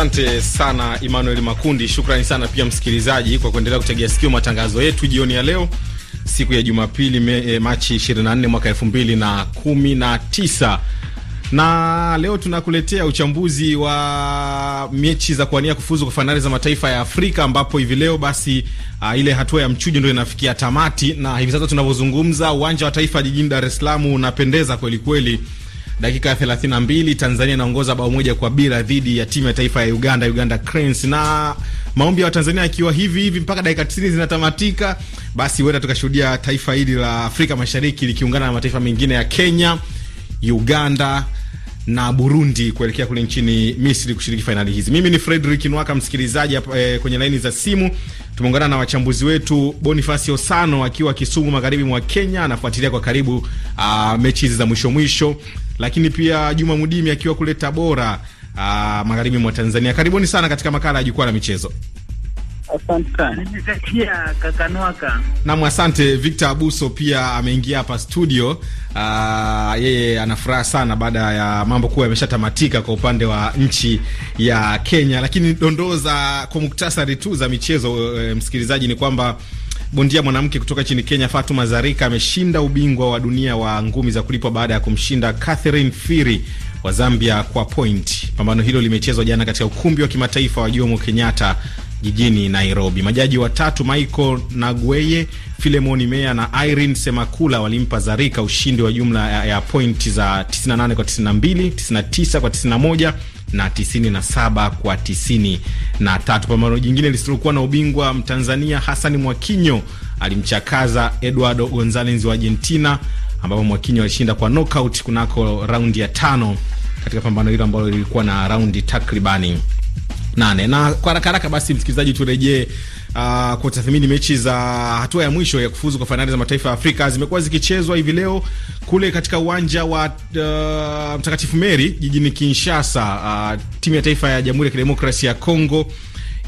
Asante sana Emmanuel Makundi. Shukrani sana pia msikilizaji kwa kuendelea kutegea sikio matangazo yetu jioni ya leo, siku ya Jumapili me, eh, Machi 24 mwaka 2019 na leo tunakuletea uchambuzi wa mechi za kuania kufuzu kwa fainali za mataifa ya Afrika ambapo hivi leo basi a, ah, ile hatua ya mchujo ndo inafikia tamati, na hivi sasa tunavyozungumza uwanja wa taifa jijini Dar es Salaam unapendeza kwelikweli kweli. Dakika ya mbili Tanzania inaongoza bao moja kwa bila dhidi ya timu ya taifa ya Uganda, Uganda Cranes, na maombi ya Watanzania akiwa hivi hivi mpaka dakika tisini zinatamatika, basi huenda tukashuhudia taifa hili la Afrika Mashariki likiungana na mataifa mengine ya Kenya, Uganda na Burundi kuelekea kule nchini Misri kushiriki fainali hizi. Mimi ni Fredrick Nwaka, msikilizaji e, kwenye laini za simu tumeungana na wachambuzi wetu. Bonifasi Osano akiwa Kisumu, magharibi mwa Kenya, anafuatilia kwa karibu ah, mechi hizi za mwisho mwisho lakini pia Juma Mudimi akiwa kule Tabora, ah, magharibi mwa Tanzania. Karibuni sana katika makala ya jukwaa la michezo. nam asante Victor Abuso pia ameingia hapa studio. Ah, yeye ana furaha sana baada ya mambo kuwa yameshatamatika kwa upande wa nchi ya Kenya, lakini dondoo za kwa muktasari tu za michezo e, msikilizaji ni kwamba Bondia mwanamke kutoka nchini Kenya Fatuma Zarika ameshinda ubingwa wa dunia wa ngumi za kulipwa baada ya kumshinda Catherine Firi wa Zambia kwa point. Pambano hilo limechezwa jana katika ukumbi wa kimataifa wa Jomo Kenyatta jijini Nairobi. Majaji watatu Michael Nagweye, Filemoni Mea na Irene Semakula walimpa Zarika ushindi wa jumla ya pointi za 98 kwa 92, 99 kwa 91 na 97 kwa 93. Pambano jingine lisilokuwa na ubingwa Mtanzania Hasani Mwakinyo alimchakaza Eduardo Gonzalez wa Argentina, ambapo Mwakinyo alishinda kwa knockout kunako raundi ya tano katika pambano hilo ambalo lilikuwa na raundi takribani nane. Na kwa haraka haraka basi, msikilizaji, turejee uh, ah, kutathmini mechi za hatua ya mwisho ya kufuzu kwa fainali za mataifa ya Afrika zimekuwa zikichezwa hivi leo kule katika uwanja wa uh, Mtakatifu Meri jijini Kinshasa. Uh, timu ya taifa ya Jamhuri ya Kidemokrasia ya Kongo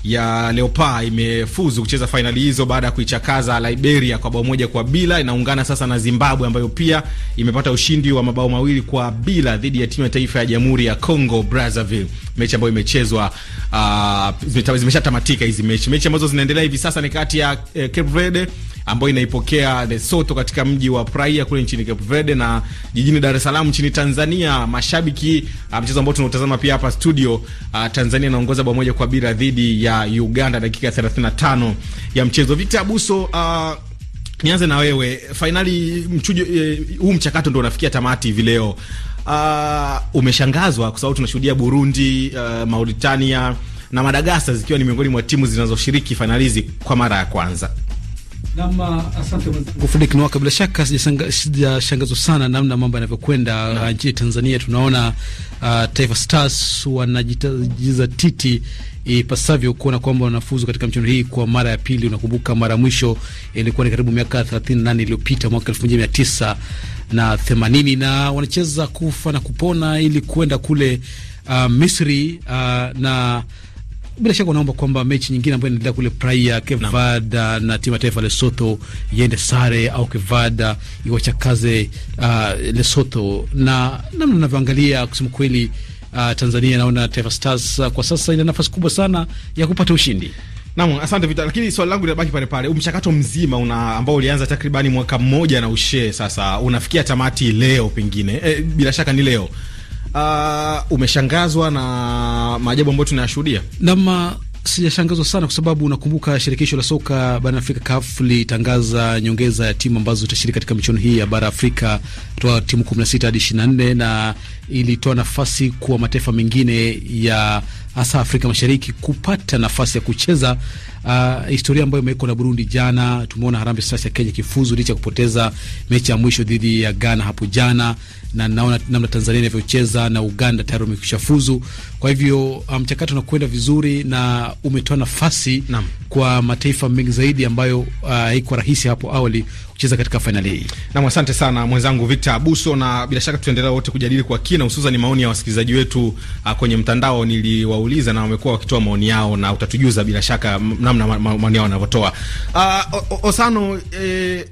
ya Leopards imefuzu kucheza fainali hizo baada ya kuichakaza Liberia kwa bao moja kwa bila. Inaungana sasa na Zimbabwe ambayo pia imepata ushindi wa mabao mawili kwa bila dhidi ya timu ya taifa ya Jamhuri ya Congo Brazzaville, mechi ambayo imechezwa uh, zimeshatamatika hizi mechi. Mechi ambazo zinaendelea hivi sasa ni kati ya eh, Cape Verde ambayo inaipokea Lesotho katika mji wa Praia kule nchini Cape Verde na jijini Dar es Salaam nchini Tanzania. Mashabiki uh, mchezo ambao tunautazama pia hapa studio, uh, Tanzania inaongoza bao moja kwa bila dhidi ya Uganda dakika 35 ya mchezo. Victor Abuso, uh, nianze na wewe. Fainali mchujo eh, huu uh, mchakato ndio unafikia tamati hivi leo. Uh, umeshangazwa kwa sababu tunashuhudia Burundi, uh, Mauritania na Madagasa zikiwa ni miongoni mwa timu zinazoshiriki fainali hizi kwa mara ya kwanza. Nam, uh, Nwaka. Bila shaka sijashangazwa sana namna mambo yanavyokwenda uh, na nchini Tanzania tunaona uh, Taifa Stars titi ipasavyo kuona kwamba wanafuzu katika mchezo hii kwa mara ya pili. Unakumbuka mara mwisho ilikuwa ni karibu miaka 38 iliyopita mwaka 1980 na na wanacheza kufa na kupona ili kwenda kule uh, Misri uh, na bila shaka unaomba kwamba mechi nyingine ambayo inaendelea kule Praia, Kevada na timu ya taifa Lesotho iende sare au Kevada iwachakaze uh, Lesotho. Na namna ninavyoangalia kusema kweli, uh, Tanzania naona Taifa Stars uh, kwa sasa ina nafasi kubwa sana ya kupata ushindi. Naam, asante Vita, lakini swali langu linabaki pale pale. Mchakato mzima una ambao ulianza takribani mwaka mmoja na ushe sasa unafikia tamati leo pengine. E, bila shaka ni leo uh, umeshangazwa na maajabu ambayo tunayashuhudia? Nama uh, sijashangazwa sana kwa sababu unakumbuka shirikisho la soka barani Afrika CAF litangaza nyongeza ya timu ambazo zitashiriki katika michuano hii ya bara Afrika kutoka timu 16 hadi 24 na ilitoa nafasi kwa mataifa mengine ya hasa Afrika Mashariki kupata nafasi ya kucheza uh, historia ambayo imewekwa na Burundi. Jana tumeona Harambee Stars ya Kenya kifuzu licha ya kupoteza mechi ya mwisho dhidi ya Ghana hapo jana, na naona namna Tanzania inavyocheza na Uganda tayari wamekwisha fuzu. Kwa hivyo uh, mchakato um, unakwenda vizuri na umetoa nafasi kwa mataifa mengi zaidi ambayo uh, haikuwa uh, rahisi hapo awali kucheza katika fainali hii. Nam, asante sana mwenzangu Victor Abuso, na bila shaka tutaendelea wote kujadili kwa kina, hususan maoni ya wasikilizaji wetu a, ah, kwenye mtandao. Niliwauliza na wamekuwa wakitoa maoni yao, na utatujuza bila shaka namna maoni yao wanavyotoa. Ah, Osano, e,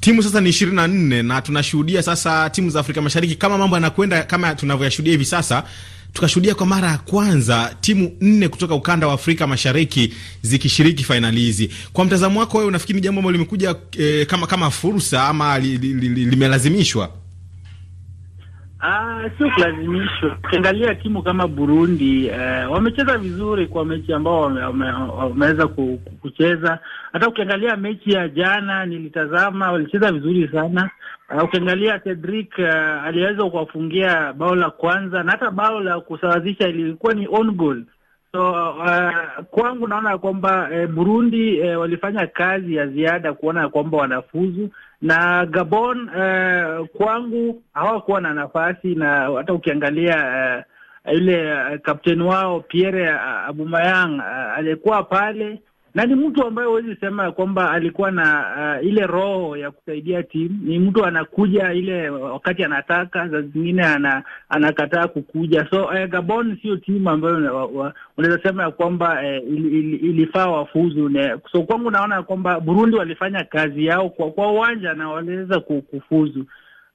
timu sasa ni ishirini na nne na tunashuhudia sasa timu za Afrika Mashariki, kama mambo yanakwenda kama tunavyoyashuhudia hivi sasa tukashuhudia kwa mara ya kwanza timu nne kutoka ukanda wa Afrika Mashariki zikishiriki fainali hizi. Kwa mtazamo wako wewe, unafikiri ni jambo ambalo limekuja eh, kama, kama fursa ama li, li, li, limelazimishwa? Ah, sio kulazimishwa. Ukiangalia timu kama Burundi eh, wamecheza vizuri kwa mechi ambao wameweza wame, kucheza. Hata ukiangalia mechi ya jana nilitazama, walicheza vizuri sana. Uh, ukiangalia Cedric uh, aliweza kuwafungia bao la kwanza na hata bao la kusawazisha ilikuwa ni on goal So uh, kwangu naona ya kwamba eh, Burundi eh, walifanya kazi ya ziada kuona ya kwamba wanafuzu na Gabon eh, kwangu hawakuwa na nafasi, na hata ukiangalia eh, yule eh, kapteni wao Pierre Abumayang eh, aliyekuwa pale na ni mtu ambaye huwezi sema kwamba alikuwa na uh, ile roho ya kusaidia timu. Ni mtu anakuja ile wakati anataka, saa zingine ana, anakataa kukuja. So uh, Gabon sio timu ambayo unaweza sema ya kwamba uh, eh, il, il, ilifaa wafuzu. So kwangu naona kwamba Burundi walifanya kazi yao kwa, kwa uwanja na waliweza kufuzu.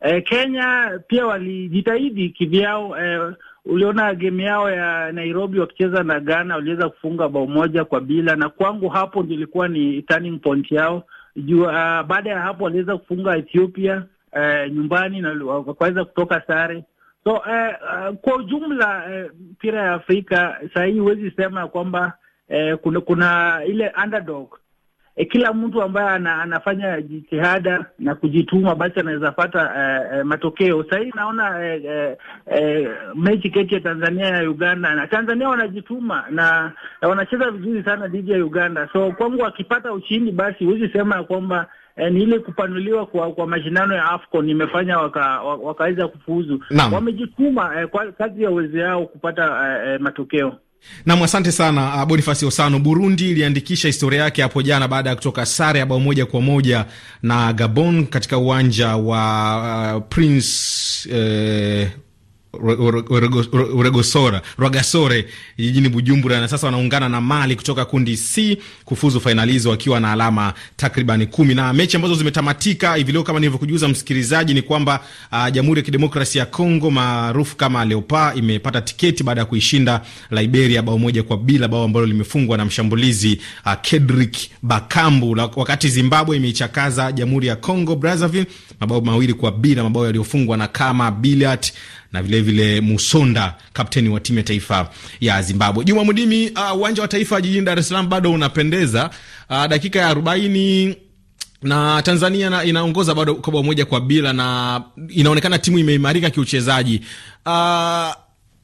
Uh, Kenya pia walijitahidi kivyao uh, Uliona game yao ya Nairobi wakicheza na Ghana, waliweza kufunga bao moja kwa bila, na kwangu hapo ndilikuwa ni turning point yao juu. Uh, baada ya hapo waliweza kufunga Ethiopia uh, nyumbani na wakaweza kutoka sare. So uh, uh, kwa ujumla eh, mpira uh, ya Afrika sahii huwezi sema ya kwamba uh, kuna, kuna ile underdog e, kila mtu ambaye ana, anafanya jitihada na kujituma basi anaweza pata e, e, matokeo sahii. Naona e, e, mechi kati ya Tanzania ya Uganda na Tanzania wanajituma na, e, wanacheza vizuri sana dhidi ya Uganda, so kwangu wakipata ushindi basi huwezi sema ya kwamba ni ile kupanuliwa kwa kwa mashindano ya AFCON imefanya wakaweza waka, kufuzu. Wamejituma eh, kazi ya uwezo yao kupata eh, matokeo. Nam, asante sana uh, Bonifasi Osano. Burundi iliandikisha historia yake hapo jana baada ya kutoka sare ya bao moja kwa moja na Gabon katika uwanja wa uh, Prince eh, Uregosora Rwagasore jijini Bujumbura, na sasa wanaungana na Mali kutoka kundi C kufuzu fainali hizo wakiwa na alama takriban kumi. Na mechi ambazo zimetamatika hivi leo kama nilivyokujuza msikilizaji, ni kwamba uh, Jamhuri ya Kidemokrasi ya Congo maarufu kama Leopa imepata tiketi baada ya kuishinda Liberia bao moja kwa bila, bao ambalo limefungwa na mshambulizi uh, ah, Kedrick Bakambu, wakati Zimbabwe imeichakaza Jamhuri ya Congo Brazzaville mabao mawili kwa bila, mabao yaliyofungwa na kama Bilat na vilevile vile Musonda, kapteni wa timu ya taifa ya Zimbabwe. Juma mudimi ah, uwanja uh, wa taifa jijini Dar es Salaam bado unapendeza. Uh, dakika ya arobaini na Tanzania na inaongoza bado kwa bao moja kwa bila, na inaonekana timu imeimarika kiuchezaji. Uh,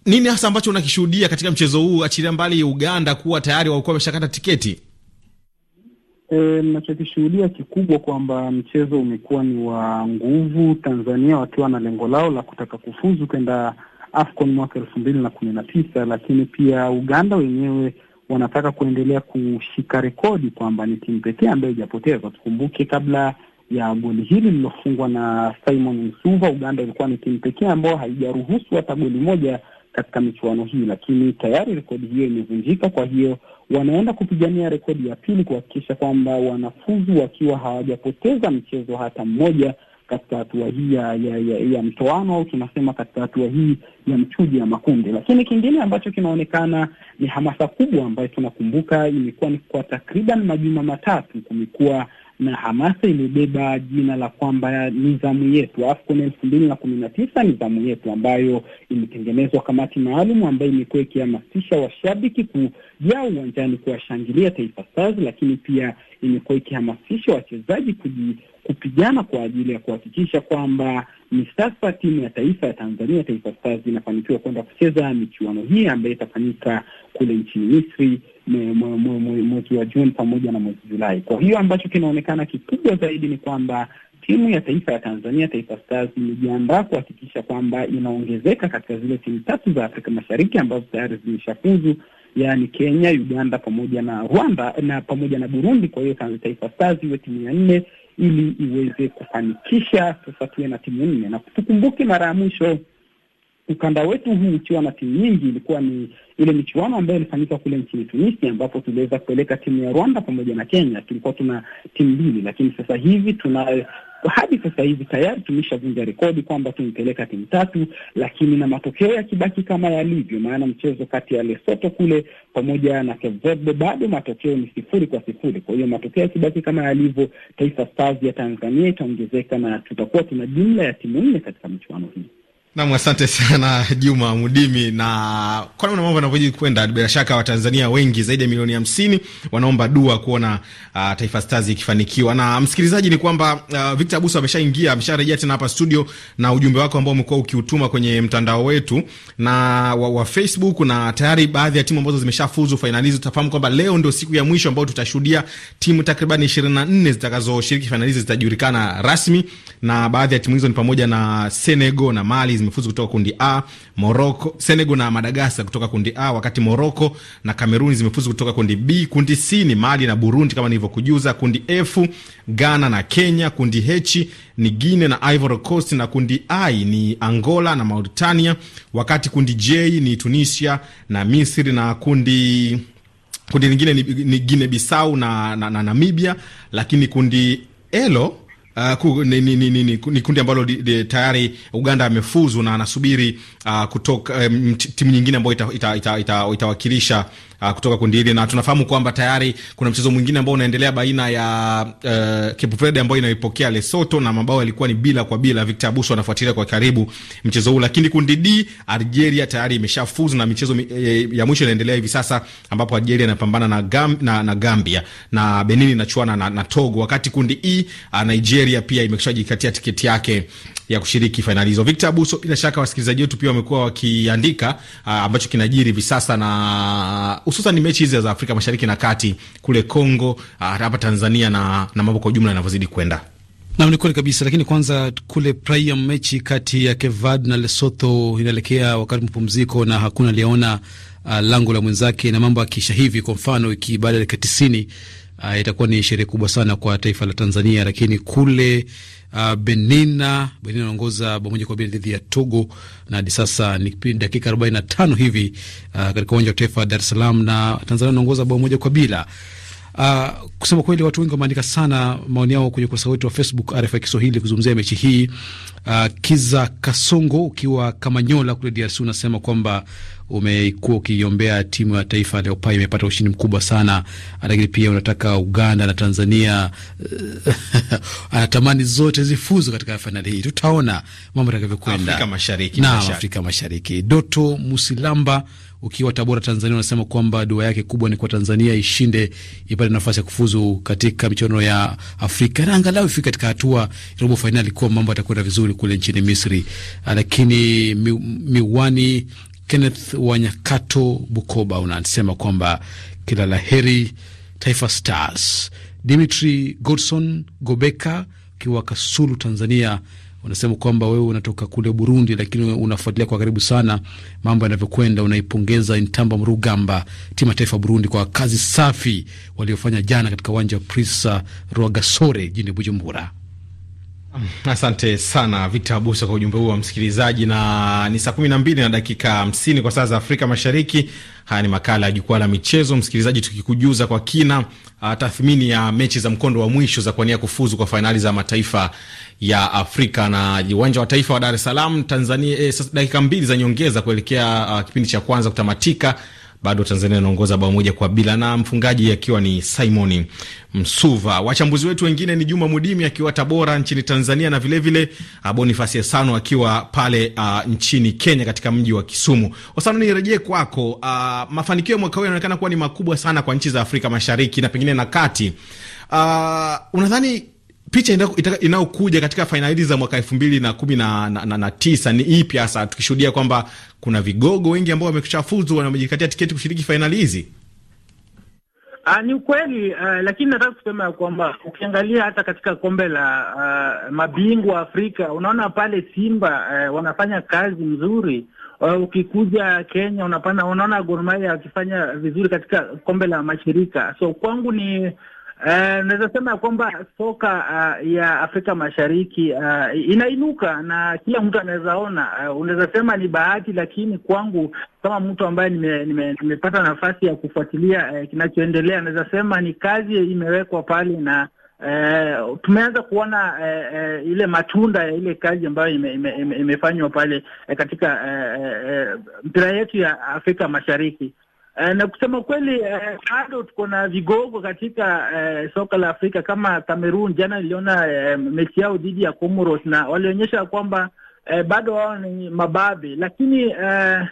nini hasa ambacho unakishuhudia katika mchezo huu, achilia mbali Uganda kuwa tayari walikuwa wameshakata tiketi? E, nachokishuhudia kikubwa kwamba mchezo umekuwa ni wa nguvu, Tanzania wakiwa na lengo lao la kutaka kufuzu kwenda AFCON mwaka elfu mbili na kumi na tisa, lakini pia Uganda wenyewe wanataka kuendelea kushika rekodi kwamba ni timu pekee ambayo ijapoteza. Tukumbuke kabla ya goli hili lilofungwa na Simon Msuva, Uganda ilikuwa ni timu pekee ambayo haijaruhusu hata goli moja katika michuano hii, lakini tayari rekodi hiyo imevunjika. Kwa hiyo wanaenda kupigania rekodi ya pili kuhakikisha kwamba wanafuzu wakiwa hawajapoteza mchezo hata mmoja katika hatua hii ya, ya, ya, ya mtoano au tunasema katika hatua hii ya mchuji ya makundi. Lakini kingine ambacho kinaonekana ni hamasa kubwa ambayo tunakumbuka imekuwa ni kwa takriban majuma matatu kumekuwa na hamasa imebeba jina la kwamba ni zamu yetu AFCON elfu mbili na kumi na tisa ni zamu yetu, ambayo imetengenezwa kamati maalum ambayo imekuwa ikihamasisha washabiki kujaa uwanjani kuwashangilia Taifa Stars, lakini pia imekuwa ikihamasisha wachezaji kuji kupigana kwa ajili ya kuhakikisha kwamba ni sasa timu ya taifa ya Tanzania, Taifa Stars inafanikiwa kwenda kucheza michuano hii ambayo itafanyika kule nchini Misri mwezi wa Juni pamoja na mwezi Julai. Kwa hiyo ambacho kinaonekana kikubwa zaidi ni kwamba timu ya taifa ya Tanzania, Taifa Stars, imejiandaa kuhakikisha kwamba inaongezeka katika zile timu tatu za Afrika Mashariki ambazo tayari zimeshafuzu, yaani Kenya, Uganda pamoja na Rwanda na pamoja na Burundi. Kwa hiyo Taifa Stars iwe timu ya nne ili iweze kufanikisha sasa tuwe na timu nne, na tukumbuke mara ya mwisho ukanda wetu huu ukiwa na timu nyingi, ilikuwa ni ile michuano ambayo ilifanyika kule nchini Tunisia, ambapo tuliweza kupeleka timu ya Rwanda pamoja na Kenya. Tulikuwa tuna timu mbili, lakini sasa hivi tuna hadi sasa hivi tayari tumeshavunja rekodi kwamba tumepeleka timu tatu, lakini na matokeo yakibaki kama yalivyo, maana mchezo kati ya lesoto kule pamoja na Cape Verde bado matokeo ni sifuri kwa sifuri. Kwa hiyo matokeo yakibaki kama yalivyo, Taifa Stars ya Tanzania itaongezeka na tutakuwa tuna jumla ya timu nne katika michuano hii. Nam, asante sana Juma Mudimi. Na kwa namna mambo yanavyozidi kwenda, bila shaka Watanzania wengi zaidi ya milioni hamsini wanaomba dua kuona uh, Taifa Stars ikifanikiwa. Na msikilizaji, ni kwamba uh, Victor Abuso ameshaingia, amesharejea tena hapa studio na ujumbe wako ambao umekuwa ukiutuma kwenye mtandao wetu na wa, wa Facebook, na tayari baadhi ya timu ambazo zimeshafuzu fainali hizo. Utafahamu kwamba leo ndio siku ya mwisho ambayo tutashuhudia timu takriban ishirini na nne zitakazoshiriki fainali hizo zitajulikana rasmi, na baadhi ya timu hizo ni pamoja na Senegal na Mali zimefuzu kutoka kundi A, Morocco, Senegal na Madagascar kutoka kundi A, wakati Morocco na Cameroon zimefuzu kutoka kundi B. Kundi C ni Mali na Burundi kama nilivyokujuza. Kundi F Ghana na Kenya. Kundi H ni Guinea na Ivory Coast, na kundi I ni Angola na Mauritania, wakati kundi J ni Tunisia na Misri na kundi kundi lingine ni, ni Guinea Bissau na, na, na Namibia, lakini kundi elo uh, ku, ni, ni, ni, ni, ni kundi ambalo di, di, tayari Uganda amefuzu na anasubiri uh, kutoka um, timu nyingine ambayo itawakilisha ita, ita, ita, ita uh, kutoka kundi hili, na tunafahamu kwamba tayari kuna mchezo mwingine ambao unaendelea baina ya uh, Cape Verde ambayo inaipokea Lesotho na mabao yalikuwa ni bila kwa bila. Victor Abuso anafuatilia kwa karibu mchezo huu, lakini kundi D Algeria tayari imeshafuzu na michezo e, ya mwisho inaendelea hivi sasa, ambapo Algeria inapambana na, Gam, na, na Gambia na Benin inachuana na, na Togo, wakati kundi E ah, Nigeria pia imeshajikatia tiketi yake ya kushiriki fainali hizo. Victor Abuso, bila shaka wasikilizaji wetu pia wamekuwa wakiandika uh, ambacho kinajiri hivi sasa na uh, hususan mechi hizi za Afrika Mashariki na Kati kule Kongo, ah, hapa Tanzania na, na mambo kwa ujumla yanavyozidi kwenda. Nam, ni kweli kabisa, lakini kwanza kule prim mechi kati ya Kevad na Lesotho inaelekea wakati mapumziko na hakuna aliyeona uh, lango la mwenzake, na mambo akiisha hivi, kwa mfano wiki baada ya dakika tisini uh, itakuwa ni sherehe kubwa sana kwa taifa la Tanzania, lakini kule uh, ah, Benin Benin anaongoza bao moja kwa bila dhidi ya Togo, na hadi sasa ni dakika 45 hivi uh, katika uwanja wa taifa Dar es Salaam, na Tanzania anaongoza bao moja kwa bila Uh, kusema kweli watu wengi wameandika sana maoni yao kwenye ukurasa wetu wa Facebook RFI Kiswahili kuzungumzia mechi hii. Uh, Kiza Kasongo ukiwa Kamanyola kule DRC unasema kwamba umekuwa ukiombea timu ya taifa Leopards imepata ushindi mkubwa sana, ah, lakini pia unataka Uganda na Tanzania eh, anatamani zote zifuzu katika fainali hii. Tutaona mambo yatakavyokwenda Afrika Mashariki, na Afrika Mashariki. Doto Musilamba ukiwa Tabora, Tanzania, unasema kwamba dua yake kubwa ni kwa Tanzania ishinde, ipate nafasi ya kufuzu katika michuano ya Afrika na angalau ifike katika hatua robo fainali, kuwa mambo atakwenda vizuri kule nchini Misri. Ah, lakini mi, miwani Kenneth Wanyakato Bukoba unasema kwamba kila heri Taifa Stars. Dimitri Godson Gobeka ukiwa Kasulu, Tanzania Unasema kwamba wewe unatoka kule Burundi, lakini unafuatilia kwa karibu sana mambo yanavyokwenda. Unaipongeza Intamba Mrugamba, timu ya taifa Burundi, kwa kazi safi waliofanya jana katika uwanja wa Prisa Rwagasore jijini Bujumbura. Asante sana Victor Abuso kwa ujumbe huo wa msikilizaji, na ni saa kumi na mbili na dakika hamsini kwa saa za Afrika Mashariki. Haya ni makala ya Jukwaa la Michezo, msikilizaji, tukikujuza kwa kina ah, tathmini ya mechi za mkondo wa mwisho za kuania kufuzu kwa fainali za mataifa ya Afrika na uwanja wa taifa wa Dar es Salaam, Tanzania. Eh, dakika mbili za nyongeza kuelekea uh, kipindi cha kwanza kutamatika bado Tanzania inaongoza bao moja kwa bila, na mfungaji akiwa ni Simon Msuva. Wachambuzi wetu wengine ni Juma Mudimi akiwa Tabora nchini Tanzania na vilevile ah, Bonifasi Esano akiwa pale a, ah, nchini Kenya katika mji wa Kisumu. Osano, nirejee kwako. A, ah, mafanikio ya mwaka huu yanaonekana kuwa ni makubwa sana kwa nchi za Afrika Mashariki na pengine na kati. Uh, unadhani picha inayokuja katika fainali za mwaka elfu mbili na kumi na, na, na, na tisa ni ipi hasa, tukishuhudia kwamba kuna vigogo wengi ambao fuzu wamejikatia tiketi kushiriki fainali hizi? Aa, ah, ni ukweli uh, lakini nataka kusema ya kwamba ukiangalia hata katika kombe la uh, mabingwa Afrika unaona pale Simba uh, wanafanya kazi mzuri uh, ukikuja Kenya unapana, unaona Gor Mahia wakifanya vizuri katika kombe la mashirika. So kwangu ni Eh, naweza sema ya kwamba soka uh, ya Afrika Mashariki uh, inainuka na kila mtu anaweza ona. Uh, unaweza sema ni bahati, lakini kwangu kama mtu ambaye nimepata nime, nime nafasi ya kufuatilia uh, kinachoendelea, naweza sema ni kazi imewekwa pale na Uh, tumeanza kuona uh, uh, ile matunda ya ile kazi ambayo ime, ime, ime, imefanywa pale uh, katika uh, uh, mpira yetu ya Afrika Mashariki. Eh, na kusema kweli eh, bado tuko na vigogo katika eh, soka la Afrika kama Cameroon. Jana niliona eh, mechi yao dhidi ya Comoros na walionyesha kwamba eh, bado wao ni mababe, lakini eh,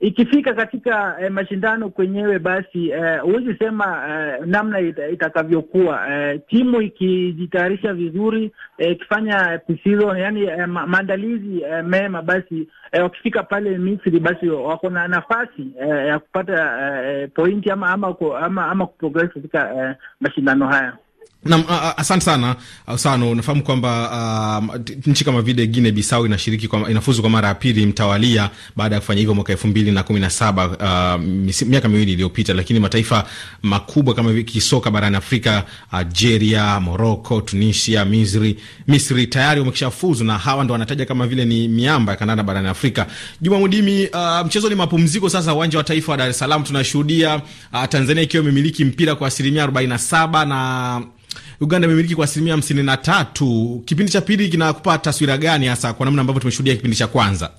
ikifika katika eh, mashindano kwenyewe basi eh, huwezi eh, sema eh, namna itakavyokuwa eh, timu ikijitayarisha vizuri eh, ikifanya eh, pre-season yani eh, maandalizi eh, mema, basi eh, wakifika pale Misri basi wako na nafasi eh, ya kupata eh, pointi ama ama, ama, ama kuprogress katika eh, mashindano haya. Nam, asante sana Ausano. Unafahamu kwamba uh, nchi kama vile Guine Bisau inashiriki kwa, inafuzu kwa mara ya pili mtawalia baada ya kufanya hivyo mwaka elfu mbili na kumi na saba, uh, miaka miwili iliyopita. Lakini mataifa makubwa kama kisoka barani Afrika, Algeria, Morocco, Tunisia, Misri, Misri tayari wamekisha fuzu na hawa ndo wanataja kama vile ni miamba ya kandanda barani Afrika. Juma Mudimi, uh, mchezo ni mapumziko sasa. Uwanja wa taifa wa Dar es Salaam tunashuhudia uh, Tanzania ikiwa imemiliki mpira kwa asilimia arobaini na saba na Uganda imemiliki kwa asilimia hamsini na tatu. Kipindi cha pili kinakupa taswira gani hasa kwa namna ambavyo tumeshuhudia kipindi cha kwanza?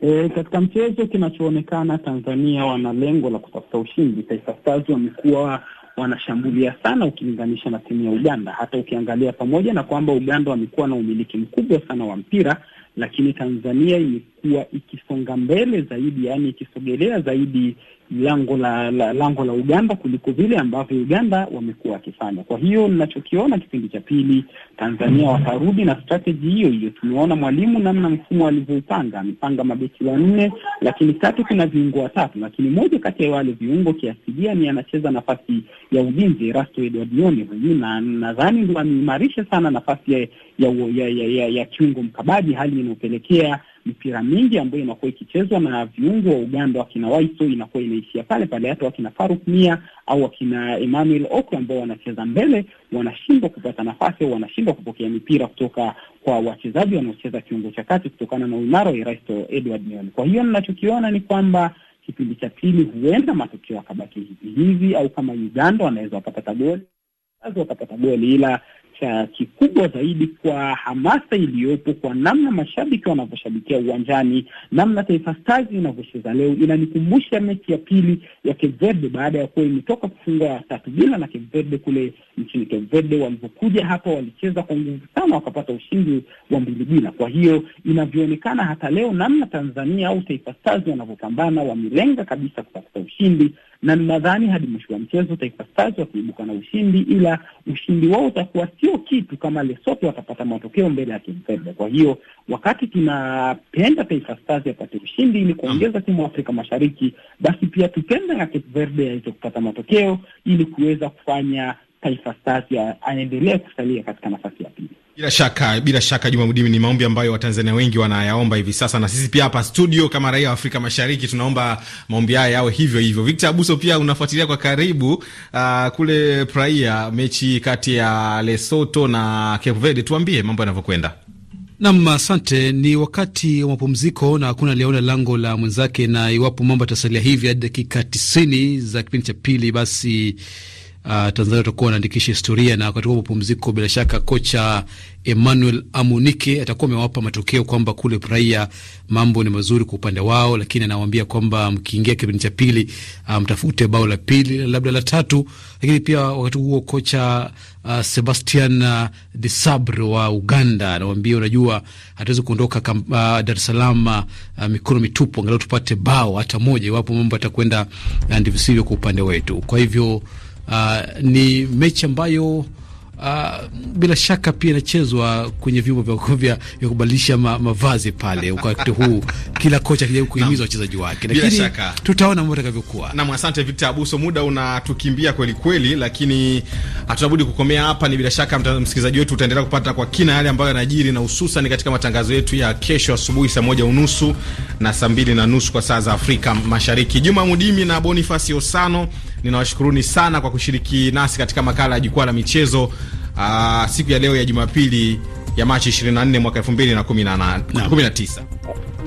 E, katika mchezo kinachoonekana Tanzania wana lengo la kutafuta ushindi. Taifa Stars wamekuwa wanashambulia sana ukilinganisha na timu ya Uganda. Hata ukiangalia pamoja na kwamba Uganda wamekuwa na umiliki mkubwa sana wa mpira, lakini Tanzania imekuwa ikisonga mbele zaidi, yaani ikisogelea zaidi lango la, la lango la Uganda kuliko vile ambavyo Uganda wamekuwa wakifanya. Kwa hiyo ninachokiona kipindi cha pili, Tanzania mm-hmm. watarudi na strategy hiyo hiyo. Tumeona Mwalimu namna mfumo alivyoupanga, amepanga mabeki wanne, lakini tatu kuna viungo watatu, lakini moja kati ya wale viungo kiasilia ni anacheza nafasi ya ulinzi, Erasto Edward Nyoni huyu, na nadhani ndio ameimarisha sana nafasi ya ya, ya, ya, ya, ya kiungo mkabaji, hali inayopelekea mipira mingi ambayo inakuwa ikichezwa na viungo wa Uganda wakina Waiso inakuwa inaishia pale pale, hata wakina Faruk Mia au wakina Emmanuel Okwe ambao wanacheza mbele wanashindwa kupata nafasi au wanashindwa kupokea mipira kutoka kwa wachezaji wanaocheza kiungo cha kati kutokana na uimara wa Erasto Edward Mion. Kwa hiyo ninachokiona ni kwamba kipindi cha pili huenda matokeo akabaki hivi hivi, au kama Uganda wanaweza wakapata goli wakapata goli, ila kisa kikubwa zaidi kwa hamasa iliyopo, kwa namna mashabiki wanavyoshabikia uwanjani, namna Taifa Stars inavyocheza leo inanikumbusha mechi ya pili ya Cape Verde baada ya kuwa imetoka kufunga tatu bila na Cape Verde kule nchini Cape Verde. Walivyokuja hapa walicheza kwa nguvu sana, wakapata ushindi wa mbili bila. Kwa hiyo inavyoonekana hata leo namna Tanzania au Taifa Stars wanavyopambana, wamelenga kabisa kutafuta ushindi na ninadhani hadi mwisho wa mchezo Taifa Stars wakiibuka na ushindi, ila ushindi wao utakuwa sio kitu kama Lesotho watapata matokeo mbele ya timu Kwa hiyo wakati tunapenda Taifa Stars yapate ushindi ili kuongeza timu Afrika Mashariki, basi pia tupenda na Cape Verde yaweze kupata matokeo ili kuweza kufanya Taifa Stars anaendelea kusalia katika nafasi ya pili. Bila shaka, bila shaka Juma Mudimi, ni maombi ambayo Watanzania wengi wanayaomba hivi sasa, na sisi pia hapa studio kama raia wa Afrika Mashariki tunaomba maombi haya yawe hivyo hivyo. Victor Abuso, pia unafuatilia kwa karibu uh, kule Praia, mechi kati ya Lesotho na Cape Verde, tuambie mambo yanavyokwenda. Nam, asante. Ni wakati wa mapumziko na hakuna aliyeona lango la mwenzake, na iwapo mambo yatasalia hivi hadi dakika tisini za kipindi cha pili, basi uh, Tanzania watakuwa wanaandikisha historia, na wakati wa mapumziko, bila shaka kocha Emmanuel Amunike atakuwa amewapa matokeo kwamba kule Praia mambo ni mazuri kwa upande wao, lakini anawaambia kwamba mkiingia kipindi cha pili ah, mtafute um, bao la pili, labda la tatu. Lakini pia wakati huo kocha uh, Sebastian uh, de Sabre wa Uganda anawaambia, unajua hatuwezi kuondoka uh, Dar es Salaam uh, mikono mitupu, angalau tupate bao hata moja, iwapo mambo atakwenda ndivyo sivyo kwa upande wetu. Kwa hivyo Uh, ni mechi ambayo uh, bila shaka pia inachezwa kwenye vyumba vya vya kubadilisha ma, mavazi pale wakati huu, kila kocha akijaribu kuhimiza wachezaji wake, lakini tutaona mambo atakavyokuwa. Naam, asante Victor Abuso, muda unatukimbia kweli kweli, lakini hatunabudi kukomea hapa. Ni bila shaka msikilizaji wetu utaendelea kupata kwa kina yale ambayo yanajiri, na hususan katika matangazo yetu ya kesho asubuhi saa moja unusu na saa mbili na nusu kwa saa za Afrika Mashariki. Juma Mudimi na Bonifasi Osano ninawashukuruni sana kwa kushiriki nasi katika makala ya jukwaa la michezo uh, siku ya leo ya Jumapili ya Machi 24 mwaka 2019.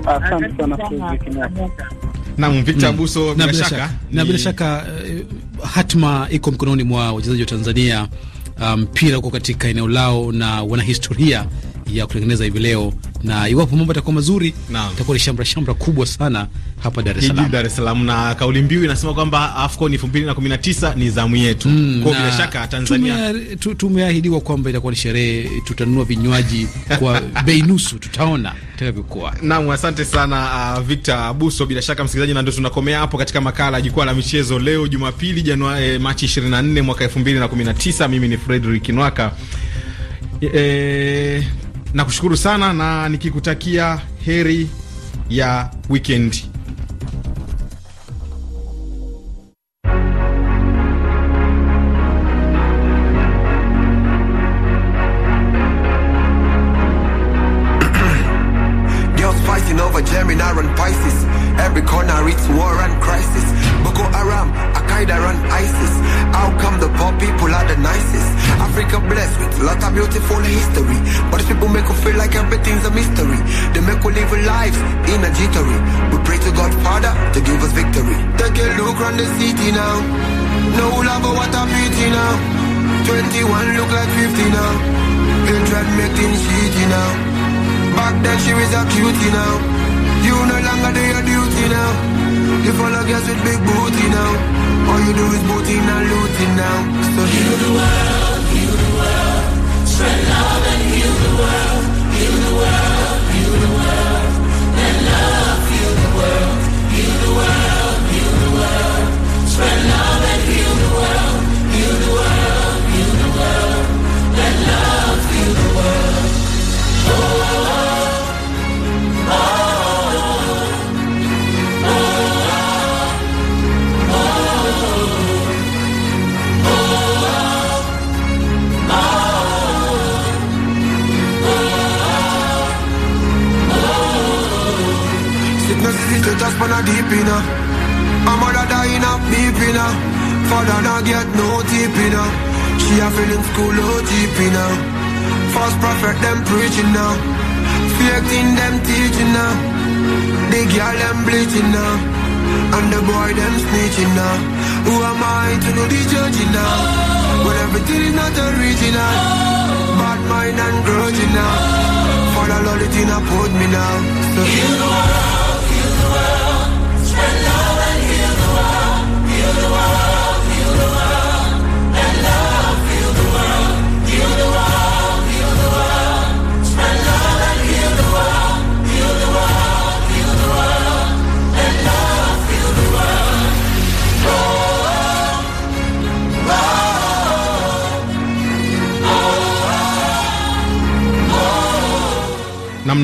Asante sana Naam, Victor Abuso, bila shaka na bila shaka hatma iko mkononi mwa wachezaji wa Tanzania. Mpira um, uko katika eneo lao na wana historia ya kutengeneza hivi leo, na iwapo mambo yatakuwa mazuri, itakuwa ni shamra shamra kubwa sana hapa Dar es Salaam, Dar es Salaam. Na kauli mbiu inasema kwamba AFCON 2019 ni zamu yetu, Mm, kwa bila shaka Tanzania tumeahidiwa tume kwamba itakuwa ni sherehe, tutanunua vinywaji kwa bei nusu, tutaona itakavyokuwa. Naam, asante sana uh, Victor Abuso. Bila shaka msikilizaji, na ndio tunakomea hapo katika makala ya jukwaa la michezo leo Jumapili, Januari eh, Machi 24 mwaka 2019. Mimi ni Frederick Nwaka. Eh, Nakushukuru sana na nikikutakia heri ya wikendi. admitting cheating now. Back then she was a cutie now. You no longer do your duty now. You follow girls with big booty now. All you do is booty and looting now. So heal the world, heal the world. Spread love and heal the world. man a deep in her. A mother dying up deep in her. Father not get no deep in She a feeling school low oh, deep in False prophet them preaching now. Fake thing them teaching now. The girl them bleaching now. And the boy them snitching now. Who am I to know the judging now? When everything is not original. Bad mind and grudging now. Father Lord it in a put me now. So you the world, you the world.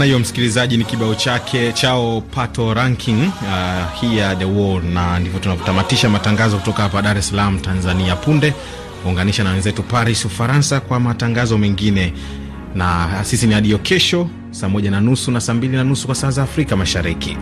namna hiyo, msikilizaji, ni kibao chake chao Pato Ranking uh, here The world. na ndivyo tunavyotamatisha matangazo kutoka hapa Dar es Salaam, Tanzania. Punde kuunganisha na wenzetu Paris, Ufaransa, kwa matangazo mengine, na sisi ni hadi kesho saa moja na nusu na saa mbili na nusu kwa saa za Afrika Mashariki.